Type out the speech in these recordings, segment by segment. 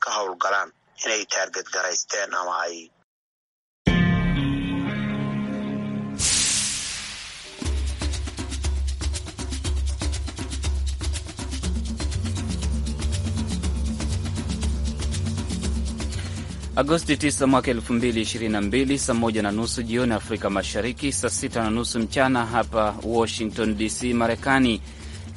ka howlgalaan inay taarget garaysteen ama ay Agosti 9 mwaka 2022, saa moja na nusu jioni Afrika Mashariki, saa sita na nusu mchana hapa Washington DC, Marekani.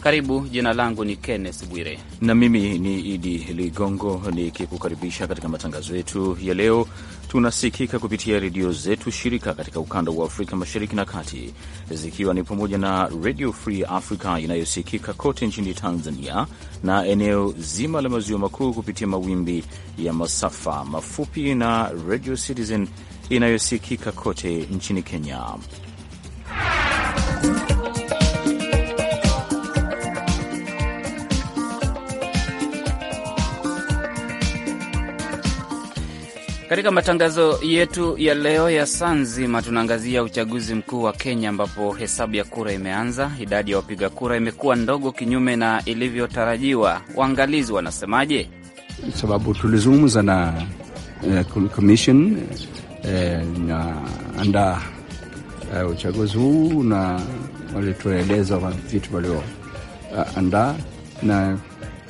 karibu. Jina langu ni Kenneth Bwire na mimi ni Idi Ligongo nikikukaribisha katika matangazo yetu ya leo. Tunasikika kupitia redio zetu shirika katika ukanda wa Afrika mashariki na kati, zikiwa ni pamoja na Radio Free Africa inayosikika kote nchini Tanzania na eneo zima la maziwa makuu kupitia mawimbi ya masafa mafupi na Radio Citizen inayosikika kote nchini Kenya. Katika matangazo yetu ya leo ya saa nzima tunaangazia uchaguzi mkuu wa Kenya ambapo hesabu ya kura imeanza. Idadi ya wapiga kura imekuwa ndogo, kinyume na ilivyotarajiwa. Waangalizi wanasemaje? Sababu tulizungumza na eh, commission eh, na andaa eh, uchaguzi huu na walitueleza vitu walioandaa, na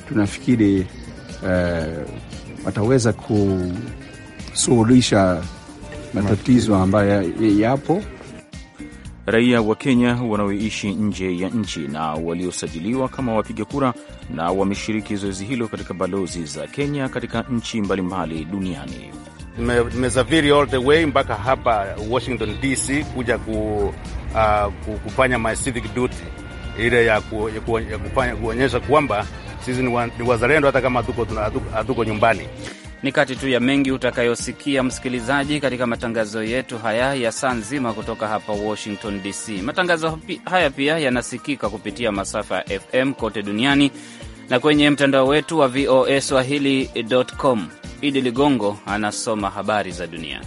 tunafikiri wataweza ku kusuluhisha matatizo ambayo yapo. Raia wa Kenya wanaoishi nje ya nchi na waliosajiliwa kama wapiga kura na wameshiriki zoezi hilo katika balozi za Kenya katika nchi mbalimbali duniani. Nimesafiri all the way mpaka hapa Washington DC kuja ku, uh, kufanya my civic duty ile ya, ku, ya, ku, ya kufanya, kuonyesha kwamba sisi ni wazalendo hata kama hatuko nyumbani. Ni kati tu ya mengi utakayosikia msikilizaji, katika matangazo yetu haya ya saa nzima kutoka hapa Washington DC. Matangazo haya pia yanasikika kupitia masafa ya FM kote duniani na kwenye mtandao wetu wa VOA swahili.com. Idi Ligongo anasoma habari za dunia.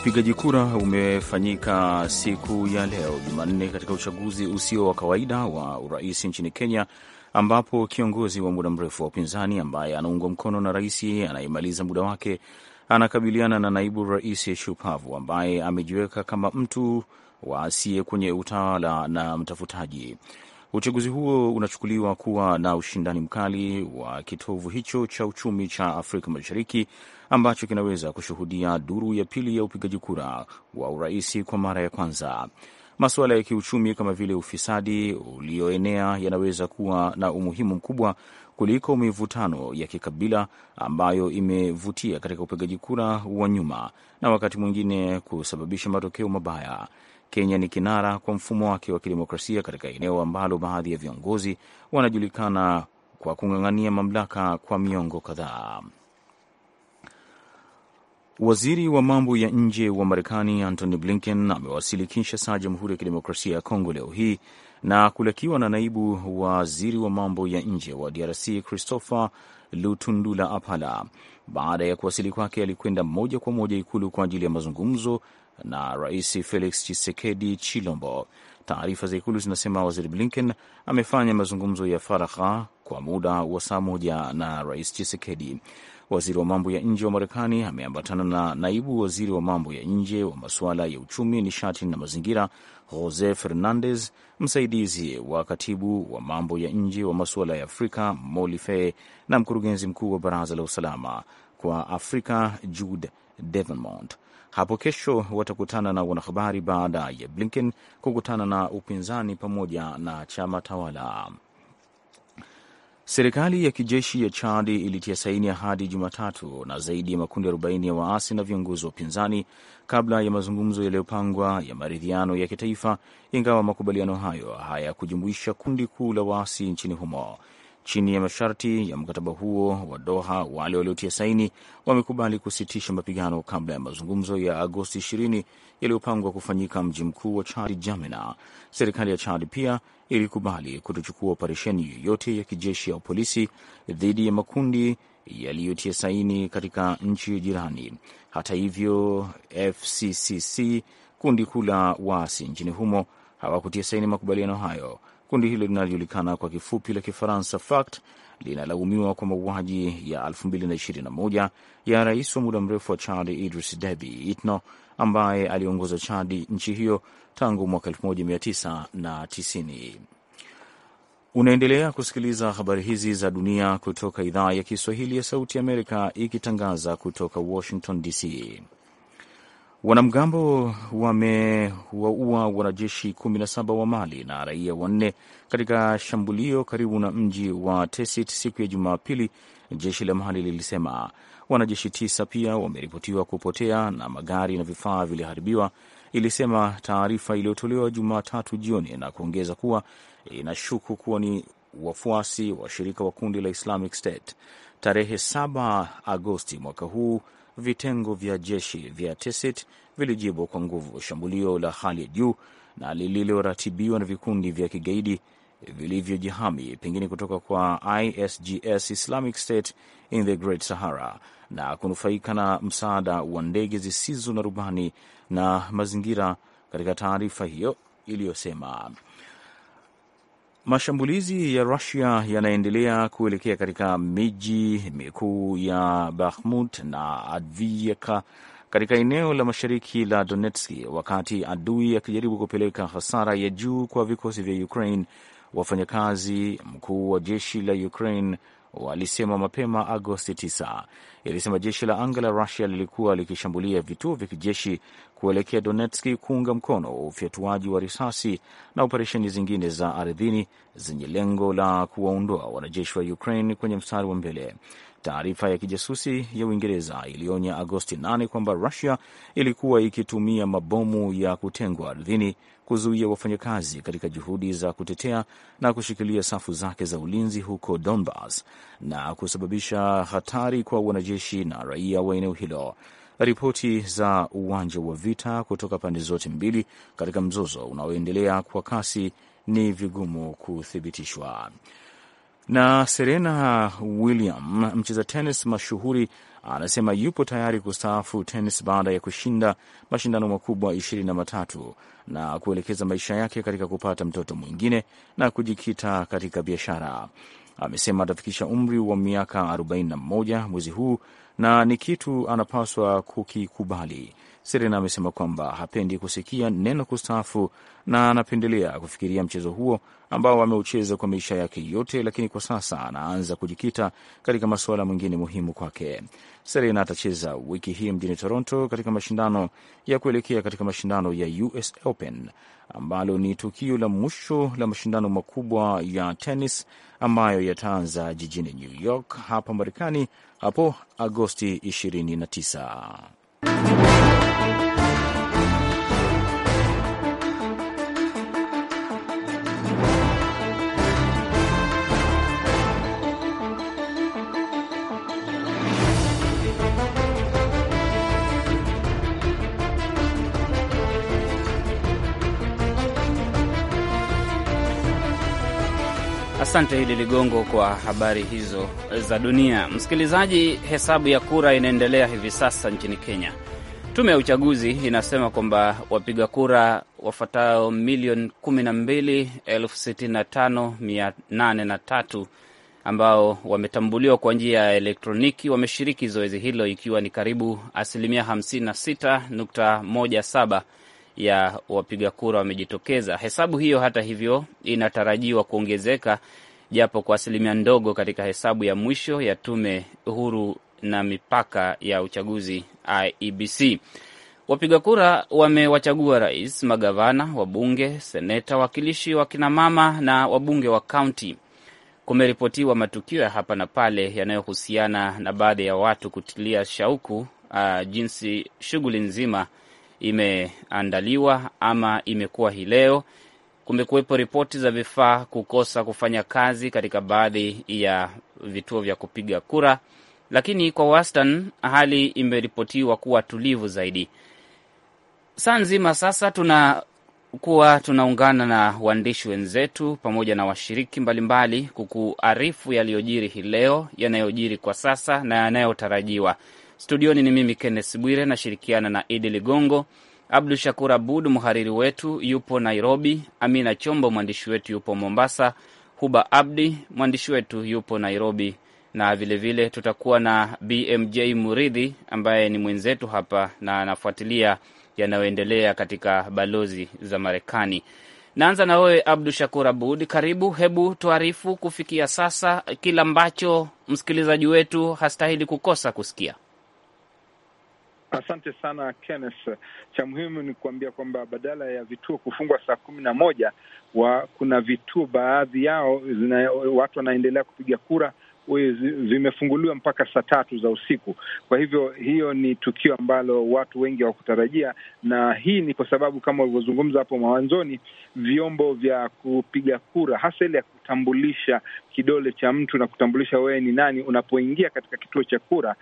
Upigaji kura umefanyika siku ya leo Jumanne katika uchaguzi usio wa kawaida wa urais nchini Kenya, ambapo kiongozi wa muda mrefu wa upinzani ambaye anaungwa mkono na rais anayemaliza muda wake anakabiliana na naibu rais shupavu ambaye amejiweka kama mtu wa asiye kwenye utawala na mtafutaji. Uchaguzi huo unachukuliwa kuwa na ushindani mkali wa kitovu hicho cha uchumi cha Afrika Mashariki ambacho kinaweza kushuhudia duru ya pili ya upigaji kura wa uraisi kwa mara ya kwanza. Masuala ya kiuchumi kama vile ufisadi ulioenea yanaweza kuwa na umuhimu mkubwa kuliko mivutano ya kikabila ambayo imevutia katika upigaji kura wa nyuma na wakati mwingine kusababisha matokeo mabaya. Kenya ni kinara kwa mfumo wake wa kidemokrasia katika eneo ambalo baadhi ya viongozi wanajulikana kwa kung'ang'ania mamlaka kwa miongo kadhaa. Waziri wa mambo ya nje wa Marekani Antony Blinken amewasili Kinshasa, Jamhuri ya Kidemokrasia ya Kongo leo hii na kulakiwa na naibu waziri wa mambo ya nje wa DRC Christopher Lutundula Apala. Baada ya kuwasili kwake, alikwenda moja kwa moja ikulu kwa ajili ya mazungumzo na Rais Felix chisekedi Chilombo. Taarifa za Ikulu zinasema Waziri Blinken amefanya mazungumzo ya faragha kwa muda wa saa moja na Rais chisekedi Waziri wa mambo ya nje wa Marekani ameambatana na naibu waziri wa mambo ya nje wa masuala ya uchumi, nishati na mazingira, Jose Fernandez, msaidizi wa katibu wa mambo ya nje wa masuala ya Afrika Molife, na mkurugenzi mkuu wa baraza la usalama kwa Afrika Jude Devenmont. Hapo kesho watakutana na wanahabari baada ya Blinken kukutana na upinzani pamoja na chama tawala. Serikali ya kijeshi ya Chad ilitia saini ahadi Jumatatu na zaidi ya makundi 40 ya waasi na viongozi wa upinzani kabla ya mazungumzo yaliyopangwa ya maridhiano ya kitaifa, ingawa makubaliano hayo hayakujumuisha kundi kuu la waasi nchini humo. Chini ya masharti ya mkataba huo wa Doha, wale waliotia saini wamekubali kusitisha mapigano kabla ya mazungumzo ya Agosti 20 yaliyopangwa kufanyika mji mkuu wa Chad, Jamena. Serikali ya Chad pia ilikubali kutochukua operesheni yoyote ya kijeshi au polisi dhidi ya makundi yaliyotia saini katika nchi jirani. Hata hivyo, FCCC, kundi kuu la waasi nchini humo, hawakutia saini makubaliano hayo. Kundi hilo linalojulikana kwa kifupi la Kifaransa FACT linalaumiwa kwa mauaji ya 2021 ya rais wa muda mrefu wa Chad Idris Deby Itno ambaye aliongoza chadi nchi hiyo tangu mwaka 1990. Unaendelea kusikiliza habari hizi za dunia kutoka idhaa ya Kiswahili ya Sauti ya Amerika ikitangaza kutoka Washington DC. Wanamgambo wamewaua wanajeshi 17 wa Mali na raia wanne katika shambulio karibu na mji wa Tesit siku ya Jumapili, jeshi la Mali lilisema. Wanajeshi tisa pia wameripotiwa kupotea na magari na vifaa viliharibiwa, ilisema taarifa iliyotolewa Jumatatu jioni, na kuongeza kuwa inashuku kuwa ni wafuasi wa washirika wa kundi la Islamic State. Tarehe 7 Agosti mwaka huu vitengo vya jeshi vya Tesit vilijibu kwa nguvu shambulio la hali ya juu na lililoratibiwa na vikundi vya kigaidi vilivyojihami pengine kutoka kwa ISGS, Islamic State in the Great Sahara, na kunufaika na msaada wa ndege zisizo na rubani na mazingira, katika taarifa hiyo iliyosema Mashambulizi ya Rusia yanaendelea kuelekea katika miji mikuu ya Bakhmut na Adviyeka katika eneo la mashariki la Donetsk, wakati adui akijaribu kupeleka hasara ya juu kwa vikosi vya Ukraine. Wafanyakazi mkuu wa jeshi la Ukraine walisema mapema Agosti 9. Ilisema jeshi la anga la Rusia lilikuwa likishambulia vituo vya kijeshi kuelekea Donetski kuunga mkono ufyatuaji wa risasi na operesheni zingine za ardhini zenye lengo la kuwaondoa wanajeshi wa Ukraine kwenye mstari wa mbele. Taarifa ya kijasusi ya Uingereza ilionya Agosti 8 kwamba Rusia ilikuwa ikitumia mabomu ya kutengwa ardhini kuzuia wafanyakazi katika juhudi za kutetea na kushikilia safu zake za ulinzi huko Donbas na kusababisha hatari kwa wanajeshi na raia wa eneo hilo. Ripoti za uwanja wa vita kutoka pande zote mbili katika mzozo unaoendelea kwa kasi ni vigumu kuthibitishwa. Na Serena Williams, mcheza tenis mashuhuri anasema yupo tayari kustaafu tenis baada ya kushinda mashindano makubwa ishirini na matatu na kuelekeza maisha yake katika kupata mtoto mwingine na kujikita katika biashara. Amesema atafikisha umri wa miaka 41 mwezi huu na ni kitu anapaswa kukikubali. Serena amesema kwamba hapendi kusikia neno kustaafu na anapendelea kufikiria mchezo huo ambao ameucheza kwa maisha yake yote, lakini kwa sasa anaanza kujikita katika masuala mengine muhimu kwake. Serena atacheza wiki hii mjini Toronto katika mashindano ya kuelekea katika mashindano ya US Open ambalo ni tukio la mwisho la mashindano makubwa ya tenis ambayo yataanza jijini New York hapa Marekani hapo Agosti 29. Asante hili Ligongo kwa habari hizo za dunia. Msikilizaji, hesabu ya kura inaendelea hivi sasa nchini Kenya. Tume ya uchaguzi inasema kwamba wapiga kura wafuatao milioni 12,065,803 ambao wametambuliwa kwa njia ya elektroniki wameshiriki zoezi hilo, ikiwa ni karibu asilimia 56.17 ya wapiga kura wamejitokeza. Hesabu hiyo hata hivyo inatarajiwa kuongezeka japo kwa asilimia ndogo katika hesabu ya mwisho ya tume huru na mipaka ya uchaguzi IEBC. Wapiga kura wamewachagua rais, magavana, wabunge, seneta, wakilishi wa kinamama na wabunge wa kaunti. Kumeripotiwa matukio ya hapa na pale yanayohusiana na baadhi ya watu kutilia shauku uh, jinsi shughuli nzima imeandaliwa ama imekuwa hii leo. Kumekuwepo ripoti za vifaa kukosa kufanya kazi katika baadhi ya vituo vya kupiga kura, lakini kwa wastani hali imeripotiwa kuwa tulivu zaidi. Saa nzima sasa tunakuwa tunaungana na waandishi wenzetu pamoja na washiriki mbalimbali kukuarifu yaliyojiri hii leo, yanayojiri kwa sasa na yanayotarajiwa. Studioni ni mimi Kenneth Bwire, nashirikiana na Idi Ligongo. Abdu Shakur Abud mhariri wetu yupo Nairobi, Amina Chombo mwandishi wetu yupo Mombasa, Huba Abdi mwandishi wetu yupo Nairobi, na vilevile vile tutakuwa na BMJ Muridhi ambaye ni mwenzetu hapa na anafuatilia yanayoendelea katika balozi za Marekani. Naanza na wewe Abdu Shakur Abud, karibu. Hebu tuarifu kufikia sasa kila ambacho msikilizaji wetu hastahili kukosa kusikia. Asante sana Kenneth. Cha muhimu ni kuambia kwamba badala ya vituo kufungwa saa kumi na moja wa, kuna vituo baadhi yao zina, watu wanaendelea kupiga kura vimefunguliwa mpaka saa tatu za usiku. Kwa hivyo hiyo ni tukio ambalo watu wengi hawakutarajia, na hii ni kwa sababu kama ulivyozungumza hapo mwanzoni, vyombo vya kupiga kura, hasa ile ya kutambulisha kidole cha mtu na kutambulisha wewe ni nani unapoingia katika kituo cha kura,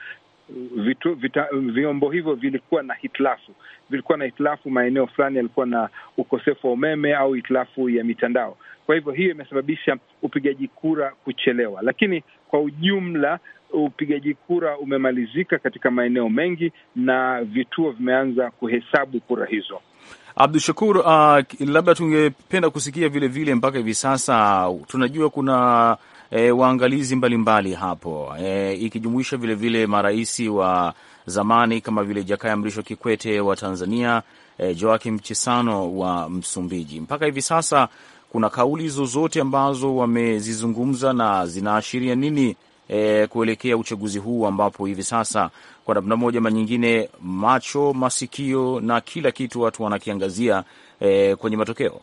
vitu, vita, vyombo hivyo vilikuwa na hitilafu, vilikuwa na hitilafu maeneo fulani yalikuwa na ukosefu wa umeme au hitilafu ya mitandao. Kwa hivyo hiyo imesababisha upigaji kura kuchelewa, lakini kwa ujumla upigaji kura umemalizika katika maeneo mengi na vituo vimeanza kuhesabu kura hizo. Abdu Shakur, uh, labda tungependa kusikia vilevile vile mpaka hivi sasa tunajua kuna e, waangalizi mbalimbali mbali hapo e, ikijumuisha vilevile marais wa zamani kama vile Jakaya Mrisho Kikwete wa Tanzania, e, Joakim Chisano wa Msumbiji. Mpaka hivi sasa kuna kauli zozote ambazo wamezizungumza na zinaashiria nini e, kuelekea uchaguzi huu ambapo hivi sasa kwa namna moja manyingine nyingine macho, masikio na kila kitu watu wanakiangazia e, kwenye matokeo?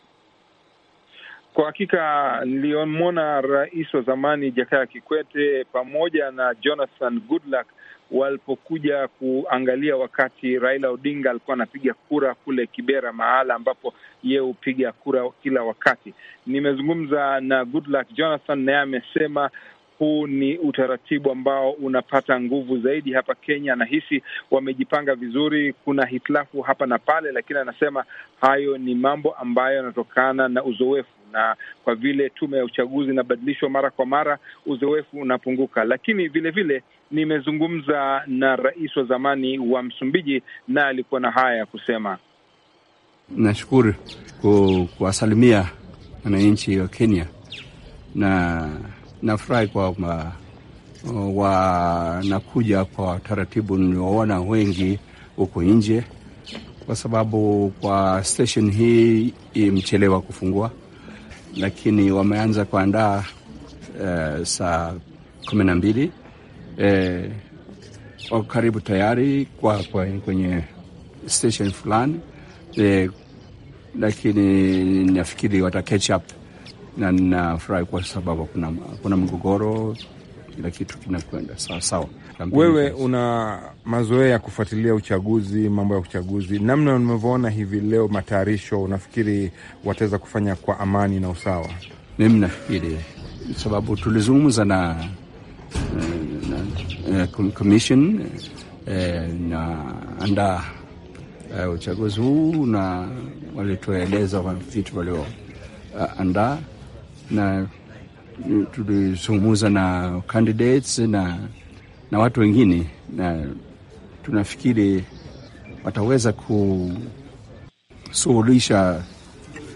Kwa hakika niliyomwona rais wa zamani Jakaya Kikwete pamoja na Jonathan Goodluck walipokuja kuangalia wakati Raila Odinga alikuwa anapiga kura kule Kibera, mahala ambapo ye hupiga kura kila wakati. Nimezungumza na Goodluck Jonathan, naye amesema huu ni utaratibu ambao unapata nguvu zaidi hapa Kenya. Anahisi wamejipanga vizuri. Kuna hitilafu hapa na pale, lakini anasema hayo ni mambo ambayo yanatokana na uzoefu na kwa vile tume ya uchaguzi inabadilishwa mara kwa mara, uzoefu unapunguka. Lakini vilevile vile, nimezungumza na rais wa zamani wa Msumbiji na alikuwa na haya ya kusema. Nashukuru kuwasalimia wananchi wa Kenya na nafurahi kwamba wanakuja kwa taratibu. Niliwaona wengi huko nje, kwa sababu kwa stesheni hii imechelewa kufungua lakini wameanza kuandaa eh, saa kumi na mbili eh, karibu tayari kwa, kwa kwenye station fulani eh, lakini nafikiri wata catch up na ninafurahi kwa sababu kuna, kuna mgogoro kila kitu kinakwenda sawasawa. Wewe una mazoea ya kufuatilia uchaguzi, mambo ya uchaguzi, namna unavyoona hivi leo matayarisho, unafikiri wataweza kufanya kwa amani na usawa? Mimi nafikiri sababu tulizungumza na, eh, na, na eh, commission eh, na andaa uchaguzi huu na walitueleza vitu walioandaa na tulizungumza na candidates na, na watu wengine na tunafikiri wataweza kusuluhisha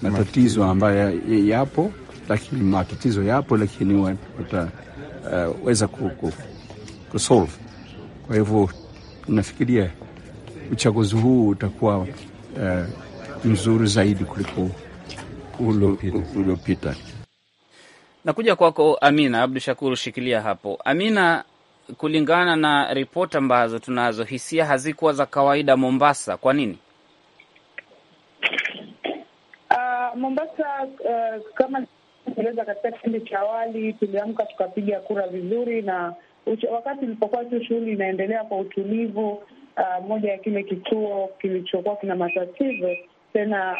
matatizo ambayo yapo, lakini matatizo yapo, lakini wataweza uh, kusolve. Kwa hivyo tunafikiria uchaguzi huu utakuwa uh, mzuri zaidi kuliko uliopita. Nakuja kwako Amina Abdu Shakuru, shikilia hapo Amina. Kulingana na ripoti ambazo tunazo, hisia hazikuwa za kawaida Mombasa. Kwa nini? Uh, Mombasa uh, kama eleza katika kipindi cha awali, tuliamka tukapiga kura vizuri, na wakati ilipokuwa tu shughuli inaendelea kwa utulivu, uh, moja ya kile kituo kilichokuwa kina matatizo tena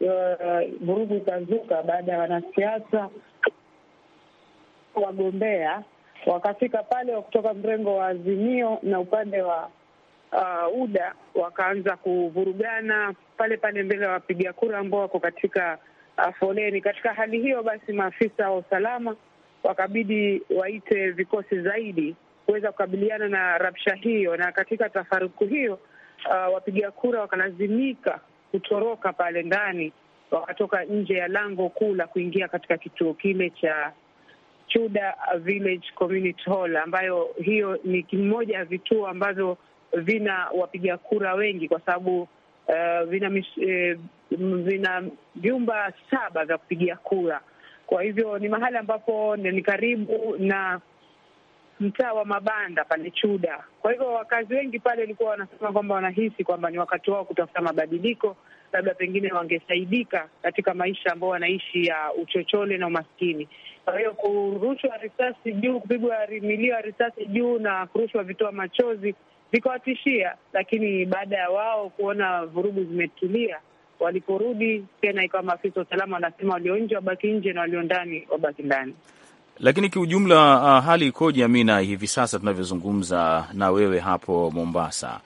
eh, vurugu uh, ikazuka baada ya wanasiasa wagombea wakafika pale wa kutoka mrengo wa Azimio na upande wa uh, UDA wakaanza kuvurugana pale pale mbele ya wapiga kura ambao wako katika uh, foleni. Katika hali hiyo basi, maafisa wa usalama wakabidi waite vikosi zaidi kuweza kukabiliana na rabsha hiyo, na katika tafaruku hiyo uh, wapiga kura wakalazimika kutoroka pale ndani, wakatoka nje ya lango kuu la kuingia katika kituo kile cha Chuda Village Community Hall, ambayo hiyo ni kimoja ya vituo ambavyo vina wapiga kura wengi kwa sababu uh, vina eh, vina vyumba saba vya kupigia kura. Kwa hivyo ni mahali ambapo ni karibu na mtaa wa mabanda pale Chuda. Kwa hivyo wakazi wengi pale walikuwa wanasema kwamba wanahisi kwamba ni wakati wao kutafuta mabadiliko labda pengine wangesaidika katika maisha ambao wanaishi ya uchochole na umaskini. Kwa hiyo kurushwa risasi juu, kupigwa milio ya risasi juu na kurushwa vitoa machozi vikawatishia, lakini baada ya wao kuona vurugu zimetulia, waliporudi tena ikawa maafisa wa usalama wanasema walio nje wabaki nje na walio ndani wabaki ndani. Lakini kiujumla, uh, hali ikoje Amina hivi sasa tunavyozungumza na wewe hapo Mombasa?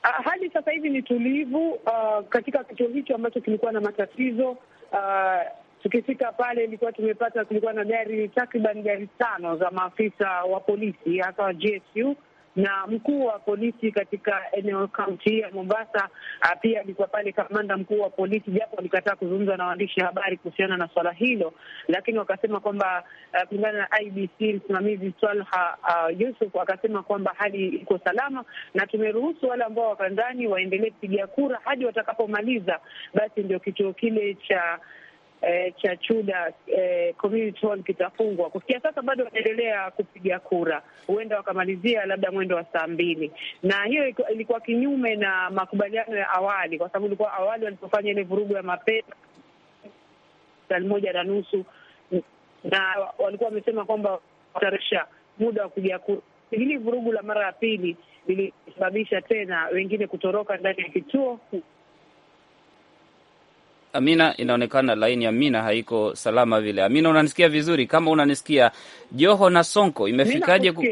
Ah, Hali sasa hivi ni tulivu uh, katika kituo hicho ambacho kilikuwa na matatizo uh, tukifika pale ilikuwa tumepata, kulikuwa na gari takriban gari tano za maafisa wa polisi hasa wa GSU na mkuu wa polisi katika eneo kaunti ya Mombasa. Ah, pia alikuwa pale kamanda mkuu wa polisi, japo walikataa kuzungumza na waandishi habari kuhusiana na swala hilo, lakini wakasema kwamba ah, kulingana na IBC msimamizi Swalha uh, Yusuf akasema kwamba hali iko salama na tumeruhusu wale ambao wako ndani waendelee kupiga kura hadi watakapomaliza. Basi ndio kituo kile cha eh, cha CHUDA eh, community hall kitafungwa. Kufikia sasa bado wanaendelea kupiga kura, huenda wakamalizia labda mwendo wa saa mbili, na hiyo ilikuwa kinyume na makubaliano ya awali, kwa sababu ilikuwa awali walipofanya ile vurugu ya mapema saa moja na nusu, na walikuwa wamesema kwamba watarisha muda wa kupiga kura. Hili vurugu la mara ya pili lilisababisha tena wengine kutoroka ndani ya kituo Amina, inaonekana laini ya Amina haiko salama vile. Amina, unanisikia vizuri? Kama unanisikia, Joho na Sonko imefikaje ku...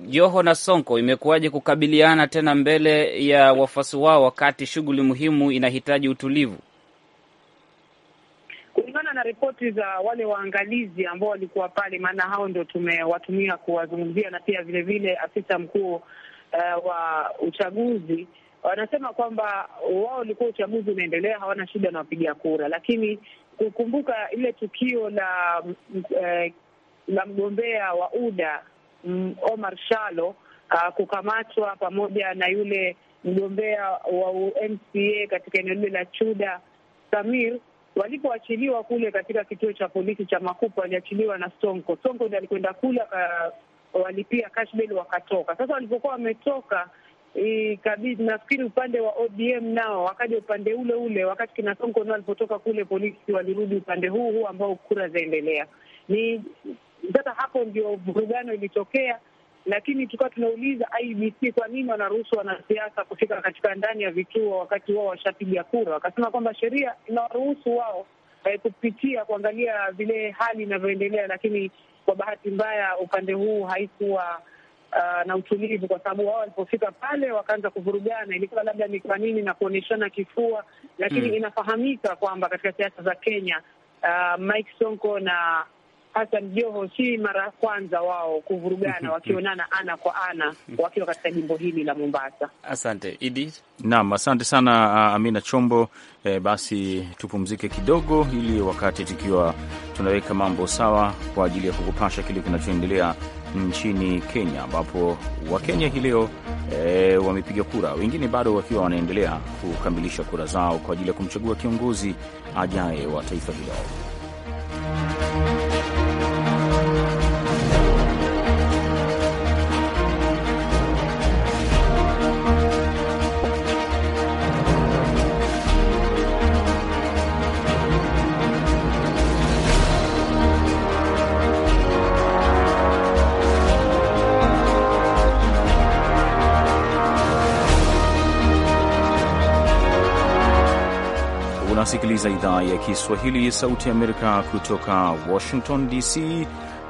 Joho na Sonko imekuwaje kukabiliana tena mbele ya wafuasi wao wakati shughuli muhimu inahitaji utulivu? Kulingana na ripoti za wale waangalizi ambao walikuwa pale, maana hao ndio tumewatumia kuwazungumzia, na pia vilevile afisa mkuu uh, wa uchaguzi wanasema kwamba wao ulikuwa uchaguzi unaendelea, hawana shida na wapiga kura, lakini kukumbuka ile tukio la eh, la mgombea wa UDA mm, Omar Shalo uh, ah, kukamatwa pamoja na yule mgombea wa MCA katika eneo lile la Chuda Samir walipoachiliwa kule katika kituo cha polisi cha Makupa, waliachiliwa na Sonko. Sonko ndiye alikwenda kule ah, walipia kashbel wakatoka. Sasa walipokuwa wametoka e, nafikiri upande wa ODM nao wakaja upande ule ule, wakati kina Sonko nao walipotoka kule polisi walirudi upande huu huu ambao kura zaendelea. Ni sasa hapo ndio vurugano ilitokea, lakini tulikuwa tunauliza IBC kwa nini wanaruhusu wanasiasa kufika katika ndani ya vituo wakati wao washapiga kura? Wakasema kwamba sheria inawaruhusu wao eh, kupitia kuangalia vile hali inavyoendelea, lakini kwa bahati mbaya upande huu haikuwa uh, na utulivu, kwa sababu wao walipofika pale wakaanza kuvurugana, ilikuwa labda ni kwa nini na kuonyeshana kifua, lakini mm, inafahamika kwamba katika siasa za Kenya uh, Mike Sonko na Hassan Joho si mara ya kwanza wao kuvurugana hmm. wakionana ana kwa ana wakiwa katika jimbo hili la Mombasa. Asante Idi. Naam, asante sana uh, Amina Chombo. Eh, basi tupumzike kidogo, ili wakati tukiwa tunaweka mambo sawa kwa ajili ya kukupasha kile kinachoendelea nchini Kenya, ambapo Wakenya hii leo e, wamepiga kura, wengine bado wakiwa wanaendelea kukamilisha kura zao kwa ajili ya kumchagua kiongozi ajaye wa taifa hilo. kusikiliza idhaa ya Kiswahili ya Sauti ya Amerika kutoka Washington DC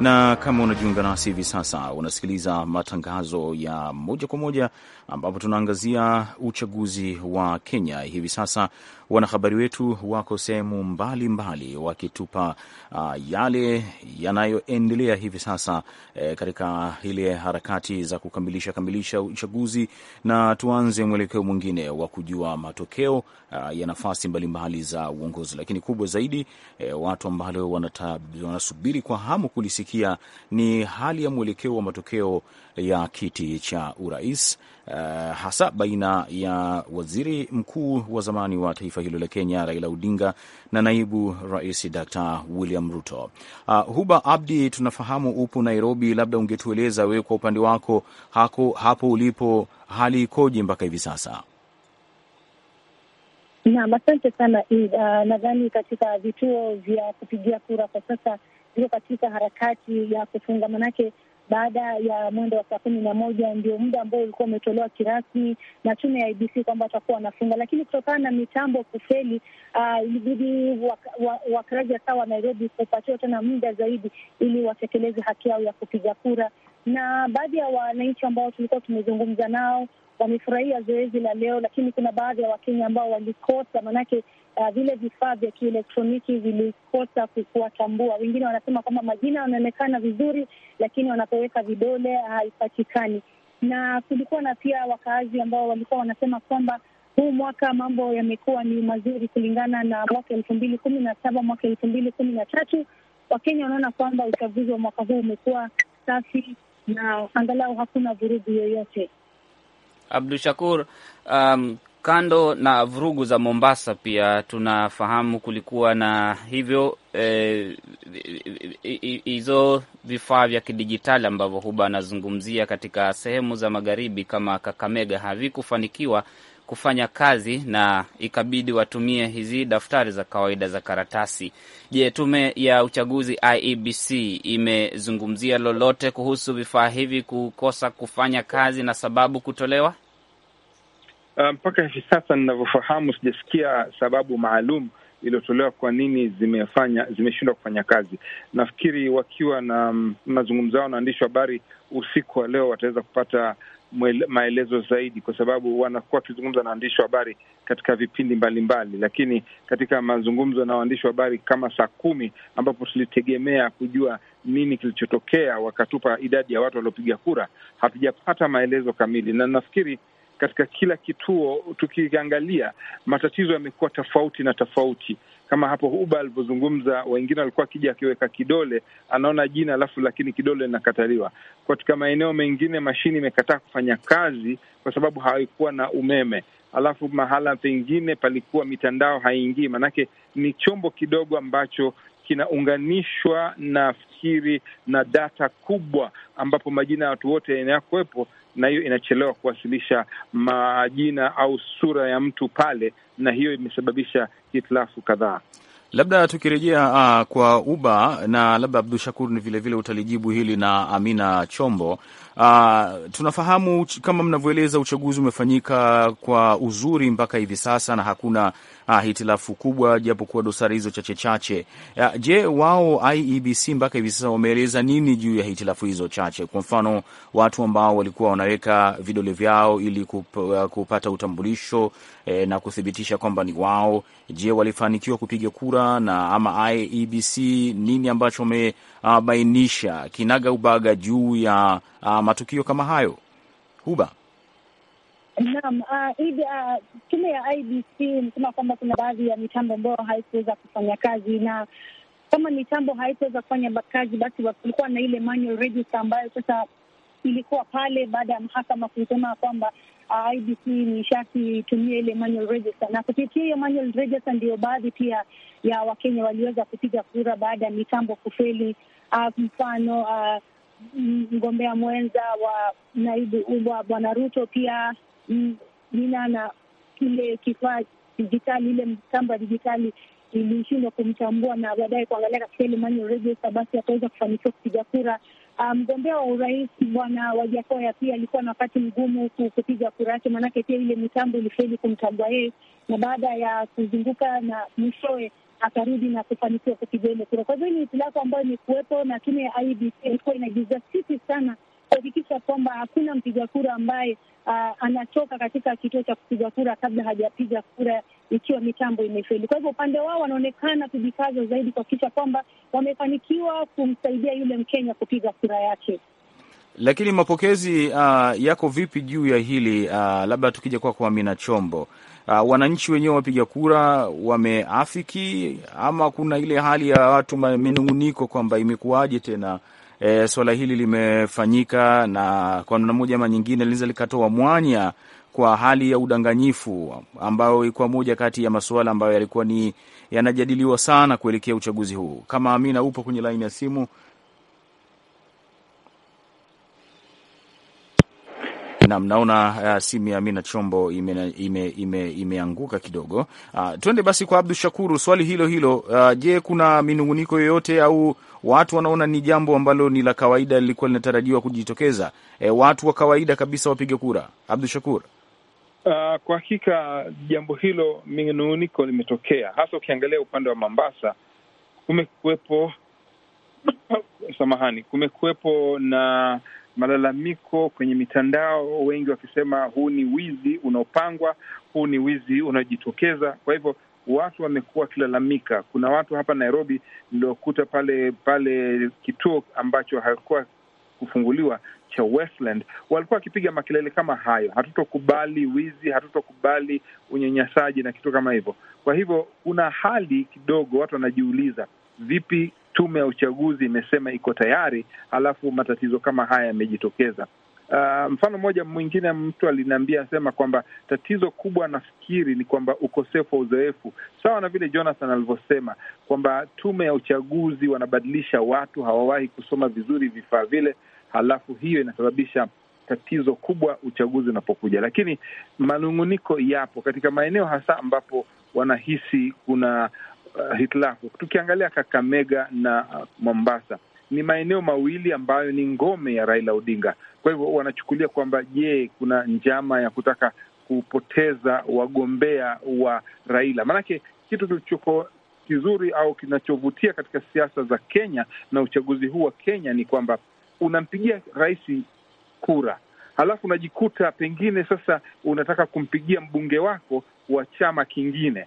na kama unajiunga nasi hivi sasa, unasikiliza matangazo ya moja kwa moja ambapo tunaangazia uchaguzi wa Kenya. Hivi sasa wanahabari wetu wako sehemu mbalimbali wakitupa uh, yale yanayoendelea hivi sasa eh, katika ile harakati za kukamilisha kamilisha uchaguzi, na tuanze mwelekeo mwingine wa kujua matokeo uh, ya nafasi mbalimbali za uongozi, lakini kubwa zaidi eh, watu ambalo wanasubiri kwa hamu kulisikia kufikia ni hali ya mwelekeo wa matokeo ya kiti cha urais uh, hasa baina ya waziri mkuu wa zamani wa taifa hilo la Kenya Raila Odinga na naibu rais Dr. William Ruto. Uh, Huba Abdi, tunafahamu upo Nairobi, labda ungetueleza wewe kwa upande wako hako, hapo ulipo hali ikoje mpaka hivi sasa? Naam, asante sana Uh, nadhani katika vituo vya kupigia kura kwa sasa iko katika harakati ya kufunga, manake baada ya mwendo wa saa kumi na moja ndio muda ambao ulikuwa umetolewa kirasmi na tume ya IBC kwamba watakuwa wanafunga, lakini kutokana na mitambo kufeli, uh, ilibidi wakaraji wa, sawa Nairobi kupatiwa tena muda zaidi ili watekeleze haki yao ya kupiga kura, na baadhi ya wananchi ambao tulikuwa tumezungumza nao wamefurahia zoezi la leo, lakini kuna baadhi ya Wakenya ambao walikosa, maanake uh, vile vifaa vya kielektroniki vilikosa kuwatambua. Wengine wanasema kwamba majina yanaonekana vizuri, lakini wanapoweka vidole haipatikani. Na kulikuwa na pia wakaazi ambao walikuwa wanasema kwamba huu mwaka mambo yamekuwa ni mazuri kulingana na mwaka elfu mbili kumi na saba mwaka elfu mbili kumi na tatu Wakenya wanaona kwamba uchaguzi wa mwaka huu umekuwa safi na angalau hakuna vurugu yoyote. Abdu Shakur, um, Kando na vurugu za Mombasa, pia tunafahamu kulikuwa na hivyo eh, hizo e, vifaa vya kidijitali ambavyo Huba anazungumzia katika sehemu za magharibi kama Kakamega havikufanikiwa kufanya kazi na ikabidi watumie hizi daftari za kawaida za karatasi. Je, tume ya uchaguzi IEBC imezungumzia lolote kuhusu vifaa hivi kukosa kufanya kazi na sababu kutolewa? Uh, mpaka um, hivi sasa ninavyofahamu, sijasikia sababu maalum iliyotolewa kwa nini zimefanya zimeshindwa kufanya kazi. Nafikiri wakiwa na mm, mazungumzo yao na waandishi wa habari usiku wa leo wataweza kupata maelezo zaidi, kwa sababu wanakuwa wakizungumza na waandishi wa habari katika vipindi mbalimbali mbali. Lakini katika mazungumzo na waandishi wa habari kama saa kumi ambapo tulitegemea kujua nini kilichotokea, wakatupa idadi ya watu waliopiga kura, hatujapata maelezo kamili, na nafikiri katika kila kituo, tukiangalia matatizo yamekuwa tofauti na tofauti kama hapo Uba alivyozungumza, wengine walikuwa akija akiweka kidole anaona jina alafu, lakini kidole linakataliwa. Katika maeneo mengine mashine imekataa kufanya kazi kwa sababu haikuwa na umeme, alafu mahala pengine palikuwa mitandao haiingii, maanake ni chombo kidogo ambacho kinaunganishwa na fikiri na data kubwa, ambapo majina ya watu wote yanayokuwepo na hiyo inachelewa kuwasilisha majina au sura ya mtu pale, na hiyo imesababisha hitilafu kadhaa. Labda tukirejea uh, kwa uba na labda Abdu Shakur ni vilevile utalijibu hili na Amina Chombo. Uh, tunafahamu kama mnavyoeleza uchaguzi umefanyika kwa uzuri mpaka hivi sasa na hakuna uh, hitilafu kubwa, japokuwa dosari hizo chache chache. Uh, je, wao IEBC mpaka hivi sasa wameeleza nini juu ya hitilafu hizo chache? Kwa mfano watu ambao walikuwa wanaweka vidole vyao ili kup, uh, kupata utambulisho eh, na kuthibitisha kwamba ni wao, je walifanikiwa kupiga kura kura na ama IEBC, nini ambacho wamebainisha uh, kinaga ubaga juu ya uh, matukio kama hayo Huba? Naam, uh, uh, tume uh, ya IBC e imesema kwamba kuna baadhi ya mitambo ambayo haikuweza kufanya kazi, na kama mitambo haikuweza kufanya kazi, basi kulikuwa na ile manual register ambayo sasa ilikuwa pale baada ya mahakama kusema kwamba IBC nishakitumia ile manual register, na kupitia hiyo manual register ndio baadhi pia ya Wakenya waliweza kupiga kura baada ya mitambo kufeli. Uh, mfano uh, mgombea mwenza wa naibu ubwa bwana Ruto pia nina na kile kifaa dijitali, ile mtambo ya dijitali ilishindwa kumtambua na baadaye kuangalia katika ile manual register, basi akaweza kufanikiwa kupiga kura Ah, mgombea um, wa urais bwana Wajakoya pia alikuwa na wakati mgumu kupiga kura yake, maanake pia ile mitambo ilifeli kumtambua yeye, na baada ya kuzunguka na mwishowe akarudi na kufanikiwa kupiga ile kura. Kwa hivyo ni hitilafu ambayo imekuwepo, na tume ya IBC ilikuwa siti sana kuhakikisha kwamba hakuna mpiga kura ambaye uh, anatoka katika kituo cha kupiga kura kabla hajapiga kura ikiwa mitambo imefeli. Kwa hivyo upande wao wanaonekana kujikaza zaidi kuhakikisha kwamba wamefanikiwa kumsaidia yule Mkenya kupiga kura yake. Lakini mapokezi uh, yako vipi juu ya hili uh, labda tukija kwako kwa Amina Chombo, uh, wananchi wenyewe wapiga kura wameafiki ama kuna ile hali ya watu manunguniko kwamba imekuwaje tena e, suala hili limefanyika na kwa namna moja ama nyingine linaweza likatoa mwanya kwa hali ya udanganyifu ambayo ilikuwa moja kati ya masuala ambayo yalikuwa ni yanajadiliwa sana kuelekea uchaguzi huu. Kama Amina upo kwenye laini ya simu, nam naona uh, simu ya Amina Chombo imeanguka ime, ime, ime kidogo. Uh, twende basi kwa Abdu Shakuru, swali hilo hilo. Uh, je, kuna minunguniko yoyote au watu wanaona ni jambo ambalo ni la kawaida, lilikuwa linatarajiwa kujitokeza. E, watu wa kawaida kabisa wapige kura. Abdu Shakur. Uh, kwa hakika jambo hilo minuniko limetokea, hasa ukiangalia upande wa Mombasa kumekuwepo samahani, kumekuwepo na malalamiko kwenye mitandao, wengi wakisema huu ni wizi unaopangwa, huu ni wizi unaojitokeza. Kwa hivyo watu wamekuwa wakilalamika. Kuna watu hapa Nairobi niliokuta pale pale kituo ambacho hakikuwa kufunguliwa cha Westland walikuwa wakipiga makelele kama hayo, hatutokubali wizi, hatutokubali unyanyasaji na kitu kama hivyo. Kwa hivyo kuna hali kidogo watu wanajiuliza, vipi tume ya uchaguzi imesema iko tayari, alafu matatizo kama haya yamejitokeza. Uh, mfano mmoja mwingine, mtu aliniambia sema kwamba tatizo kubwa nafikiri ni kwamba ukosefu wa uzoefu, sawa na vile Jonathan alivyosema kwamba tume ya uchaguzi wanabadilisha watu, hawawahi kusoma vizuri vifaa vile, halafu hiyo inasababisha tatizo kubwa uchaguzi unapokuja. Lakini manung'uniko yapo katika maeneo hasa ambapo wanahisi kuna uh, hitilafu. Tukiangalia Kakamega na uh, Mombasa ni maeneo mawili ambayo ni ngome ya Raila Odinga. Kwa hivyo wanachukulia kwamba je, kuna njama ya kutaka kupoteza wagombea wa Raila? Maanake kitu kilichoko kizuri au kinachovutia katika siasa za Kenya na uchaguzi huu wa Kenya ni kwamba unampigia rais kura, halafu unajikuta pengine sasa unataka kumpigia mbunge wako wa chama kingine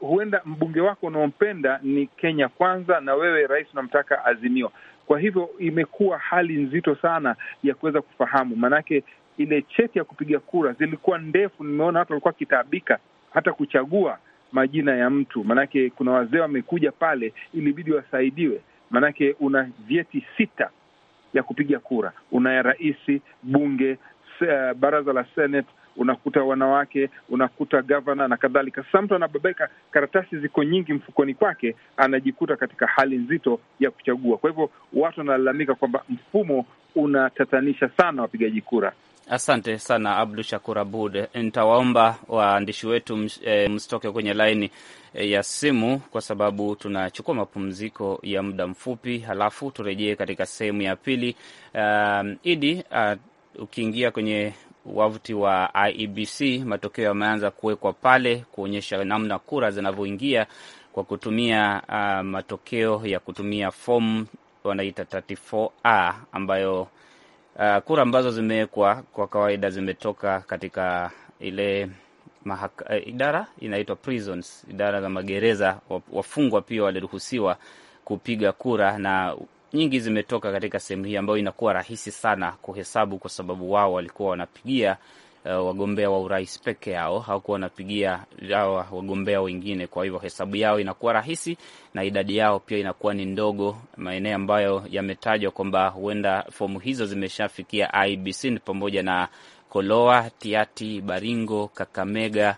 huenda mbunge wako unaompenda ni Kenya Kwanza, na wewe rais unamtaka Azimio. Kwa hivyo imekuwa hali nzito sana ya kuweza kufahamu, maanake ile cheti ya kupiga kura zilikuwa ndefu. Nimeona watu walikuwa wakitaabika hata kuchagua majina ya mtu, maanake kuna wazee wamekuja pale, ilibidi wasaidiwe, maanake una vyeti sita ya kupiga kura, una ya rais, bunge, eh, baraza la seneti unakuta wanawake, unakuta gavana na kadhalika. Sasa mtu anabebeka karatasi ziko nyingi mfukoni kwake, anajikuta katika hali nzito ya kuchagua. Kwa hivyo watu wanalalamika kwamba mfumo unatatanisha sana wapigaji kura. Asante sana Abdu Shakur Abud. Nitawaomba waandishi wetu e, msitoke kwenye laini e, ya simu kwa sababu tunachukua mapumziko ya muda mfupi, halafu turejee katika sehemu ya pili. Um, Idi, uh, ukiingia kwenye wavuti wa IEBC, matokeo yameanza kuwekwa pale kuonyesha namna kura zinavyoingia kwa kutumia uh, matokeo ya kutumia fomu wanaita 34A ambayo uh, kura ambazo zimewekwa kwa kawaida zimetoka katika ile mahaka, eh, idara inaitwa prisons, idara za magereza. Wafungwa pia waliruhusiwa kupiga kura na nyingi zimetoka katika sehemu hii ambayo inakuwa rahisi sana kuhesabu kwa sababu wao walikuwa wanapigia uh, wagombea wa urais peke yao, hawakuwa wanapigia hawa wagombea wengine. Kwa hivyo hesabu yao inakuwa rahisi na idadi yao pia inakuwa ni ndogo. Maeneo ambayo yametajwa kwamba huenda fomu hizo zimeshafikia IBC ni pamoja na Koloa, Tiati, Baringo, Kakamega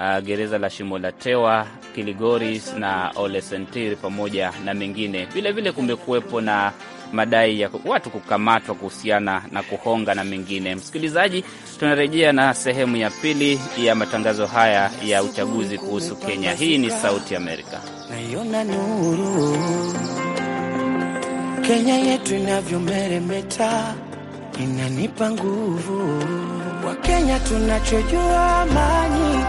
uh, gereza la Shimo la Tewa, Kiligoris na Ole Sentir pamoja na mengine. Vilevile kumekuwepo na madai ya watu kukamatwa kuhusiana na kuhonga na mengine. Msikilizaji, tunarejea na sehemu ya pili ya matangazo haya ya uchaguzi kuhusu Kenya. Hii ni Sauti Amerika. Naiona nuru Kenya yetu inavyomeremeta, inanipa nguvu. Wakenya tunachojua amani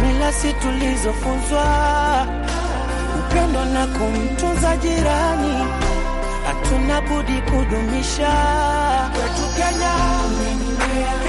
mila si tulizofunzwa, upendo na kumtunza jirani, hatuna budi kudumisha kwetu Kenya.